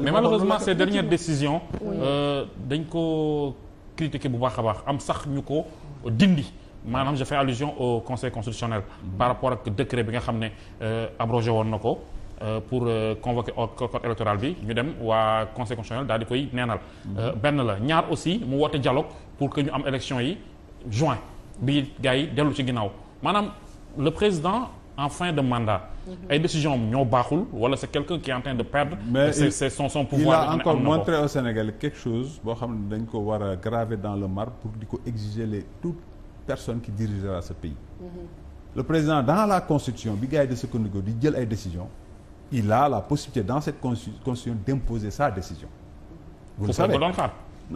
mais malheureusement ces dernières décisions euh, dañ ko critiquer bu baax a baax am sax ñu ko dindi maanaam je fais allusion au conseil constitutionnel par rapport ak décret bi nga xam ne euh, abrogé woon na ko euh, pour convoquer code électoral bi ñu dem waa conseil constitutionnel daal di koy neenal benn la ñaar aussi mu woote dialogue pour que ñu am élection yi juin bi gars yi dellu ci ginnaaw maanaam le président en fin de mandat. Mhm. ay décisions am ñoo baaxul wala c'est quelqu'un qui est en train de perdre. mais c'est c'est son son pouvoir. il a encore montré au Sénégal quelque chose boo xam ne dañ ko war a graver dans le mar pour di ko exiger les toute personne qui dirigera ce pays. Mhm. le président dans la constitution bi gars yi di sukkandiku di jël ay décisions. il a la possibilité dans cette constitution d'imposer sa décision. vous le savez foofu lañ ko doon xaar.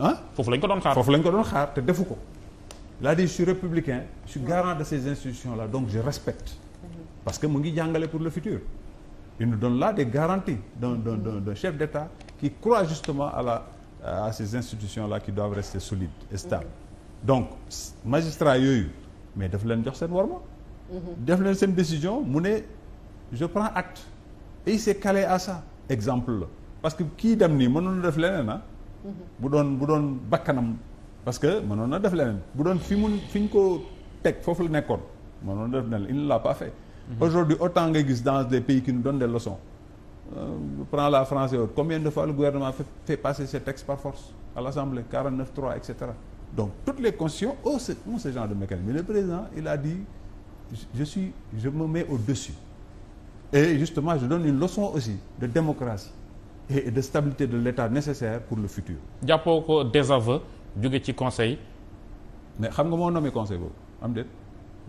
ah foofu lañ ko doon xaar te defu ko. il a dit je de ces institutions là donc respecte. parce que mu ngi jàngale pour le futur il nous donne là des garanties d'un d'un d'un chef d'État qui croit justement à la à ces institutions là qui doivent rester solides et stables donc magistrat yooyu mais daf leen jox seen warma def leen seen décision mu ne je prends acte et il s'est calé à ça exemple la parce que kii dem nii mënoon def leneen ah bu doon bu doon bakkanam parce que mënoon na def leen bu doon fi mu fi ñu ko teg foofu la nekkoon mënoon def ne il ne l'a pas fait aujourd'hui autant ngay gis dans des pays qui nous donnent des leçons euh, prends la France et combien de fois le gouvernement fait, fait passer ces textes par force à l'Assemblée 49 3 et cetera donc toutes les constitutions ont oh, ce, ont ce genre de mécanisme mais le président il a dit je suis je me mets au-dessus et justement je donne une leçon aussi de démocratie et de stabilité de l'État nécessaire pour le futur jàppoo ko désaveu jóge ci conseil mais xam nga moo nommé am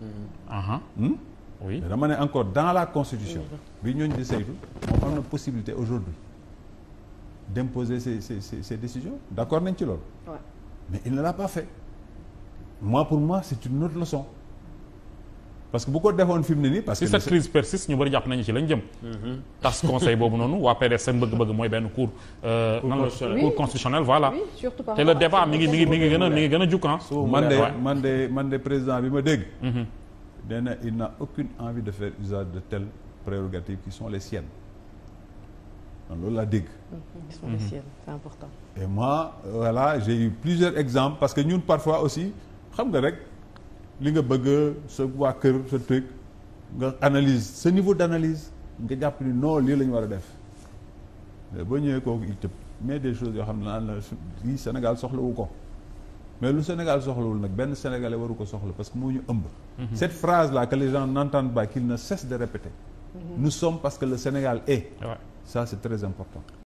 Mm-hmm. Hmm? oui dama ne encore dans la constitution bi ñooñu di saytu moom am na possibilité aujourd'hui d'imposer se ces ces ces décisions d'accord nañ ci loolu mais il ne l'a pas fait moi pour moi c'est une autre leçon parce que bu ko defoon fi mu ne nii. parce que si cette crise persiste ñu bëri jàpp nañu ci lañ jëm. Mm-hmm. tas conseil boobu noonu waa PDS seen bëgg mooy benn cour. Euh, cour voilà. te le débat mi ngi mi ngi mi mi ngi gën jukkan. man de man de man de président bi ma dégg. Mm-hmm. nee na il n'a aucune envie de faire usage de telles prérogatives qui sont les siennes. donc loolu laa dégg. Mm-hmm. qui sont les siennes c'est et moi voilà j'ai eu plusieurs exemples parce que ñun parfois aussi xam nga rek. li nga bëgg sa waa kër sa truc nga analyse sa niveau d' analyse nga jàpp ni non lii la ñu war a def boo ñëwee kooku it mais des choses yoo xam ne naan la lii Sénégal soxlawu ko mais lu Sénégal soxlawul nag benn Sénégalais waru ko soxla parce que moo ñu ëmb. Mhm. cette phrase là que les gens n'entendent pas qu'ils ne cessent de répéter. Mhm. nous sommes parce que le Sénégal est. ça c'est très important.